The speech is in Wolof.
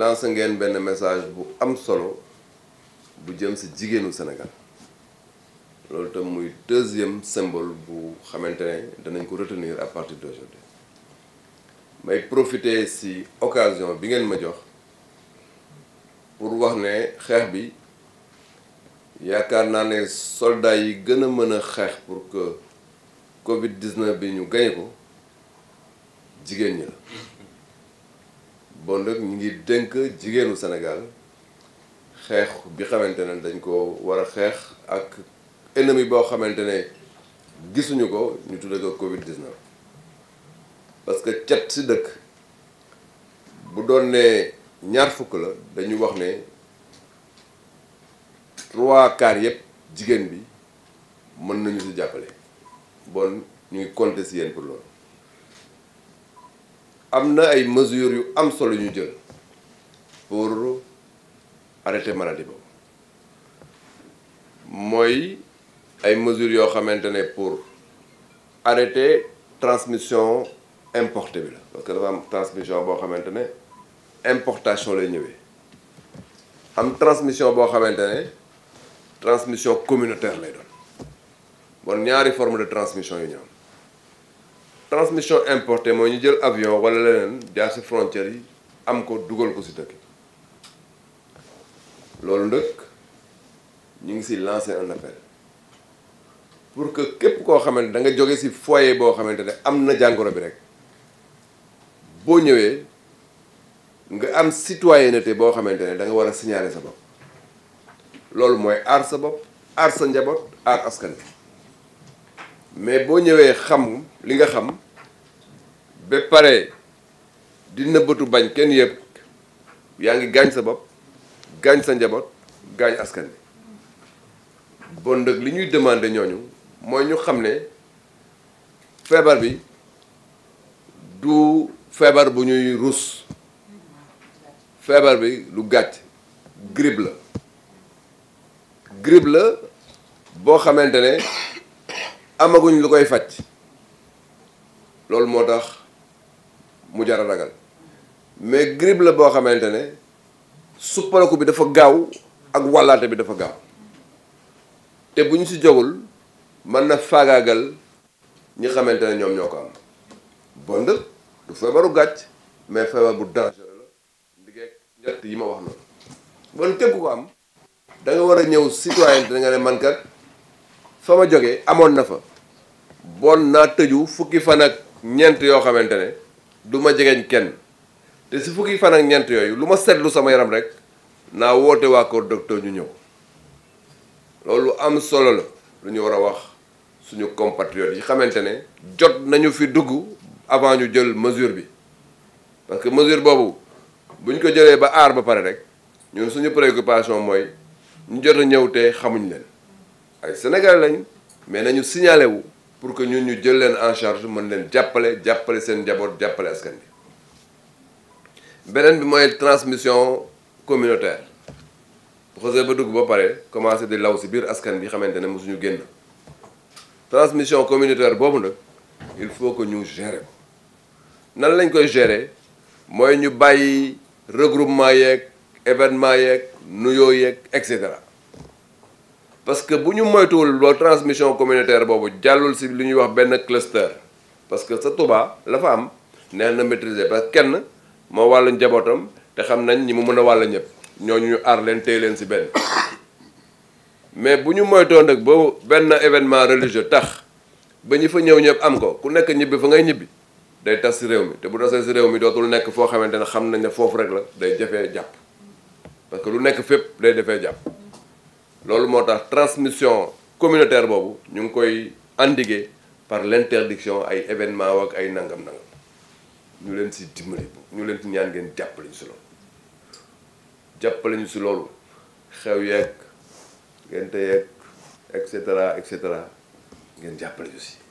lancé ngeen benn message bu am solo bu jëm si jigéenu Sénégal loolu tam muy deuxième symbole bu xamante ne danañ ko retenir à partir d'aujourd'hui may profité si occasion bi ngeen ma jox pour wax ne xeex bi yaakaar naa ne soldats yi gën a mën a xeex pour que Covid 19 bi ñu gañe ko jigéen ñi la. bon nag ñu ngi dénk jigéenu senegal xeex bi xamante ne dañ ko war a xeex ak ennemi boo xamante ne gisuñu ko ñu tuddee ko Covid 19. parce que cat si dëkk bu doon ne ñaar fukk la dañu wax ne trois quarts yëpp jigéen bi mën nañu si jàppale bon ñu ngi compter si yéen pour loolu. amna ay mesures yu am solo ñu jël pour arrêter maladie boobu moy ay mesures yo xamantene pour arrêter transmission importée bi la parce que dafa am transmission bo xamantene importation lay ñëwé am transmission bo xamantene transmission communautaire lay doon bon ñaari forme de transmission yu ñu transmission importée moy ñu jël avion wala leneen jaar si frontière yi am ko duggal ko ci dëkk loolu ndëkk ñu ngi si lancer un appel pour que képp koo xamante da nga jóge si foyer boo xamante ne am na jàngoro bi rek boo ñëwee nga am citoyenneté boo xamante ne da nga war a signaler sa bopp loolu mooy aar sa bopp aar sa njaboot aar askan mais boo ñëwee xam li nga xam ba pare di nëbbatu bañ kenn yëpp yaa ngi gaañ sa bopp gaañ sa njaboot gaañ askan bon nag li ñuy demande ñooñu mooy ñu xam ne feebar bi du feebar bu ñuy ruus feebar bi lu gàcc grippe la grippe la boo xamante ne amaguñ lu koy fajj lol moo tax mu jara ragal mais grippe la bo xamantene ne supparaku bi dafa gaaw ak wàllaate bi dafa gaaw te buñ ci si jogul man na faagaagal ñi xamantene ñom ñoko am bond du febaru gatch mais febar bu dangereux la ndige ñett yi ma wax noonu bon tegg ko am da nga wara ñew citoyen da nga ne man kat fama joge amon na fa bon naa tëju fukki fan ak ñeent yoo xamante ne du ma jegeñ kenn te si fukki fan ak ñeent yooyu lu ma seetlu sama yaram rek naa woote waa Kër Docteur ñu ñëw loolu am solo la lu ñu war a wax suñu compatriotes yi xamante ne jot nañu fi dugg avant ñu jël mesure bi parce que mesure boobu bu ñu ko jëlee ba aar ba pare rek ñun suñu préoccupation mooy ñu jot ñëw te xamuñ leen ay sénégal lañ mais nañu signalé pour que nous ñu jël leen en charge mën leen jàppale jàppale seen njaboot jàppale askan bi beneen bi mooy transmission communautaire bu xasee ba dugg ba De commencé di law si biir askan bi xamante ne mosuñu transmission communautaire boobu nag il faut que ñu gérer ko nan lañ koy gérer mooy ñu bàyyi regroupement yeeg événement yeeg nuyoo etc. parce que bu ñu moytuwul loolu transmission communautaire boobu jàllul si li ñuy wax benn cluster parce que sa Touba la fa am neex na maîtriser parce que kenn moo wàll njabootam te xam nañ ñi mu mën a wàll ñëpp ñoo ñu aar leen téye leen si benn mais bu ñu moytoon nag boo benn événement religieux tax ba ñi fa ñëw ñëpp am ko ku nekk ñibbi fa ngay ñibbi day tas si réew mi te bu tasee si réew mi dootul nekk foo xamante ne xam nañ ne foofu rek la day jafee jàpp parce que lu nekk fépp day defee jàpp loolu motax transmission communautaire bobu ñu ngi koy endiguer par l'interdiction ay événement wak ay nangam-nangam ñu leen ci dimbali ñu leen si ñaan ngeen jàppale ñu si loolu jàppale ñu si loolu xew yeeg ngente yeeg et cetera et cetera ngeen jàppale si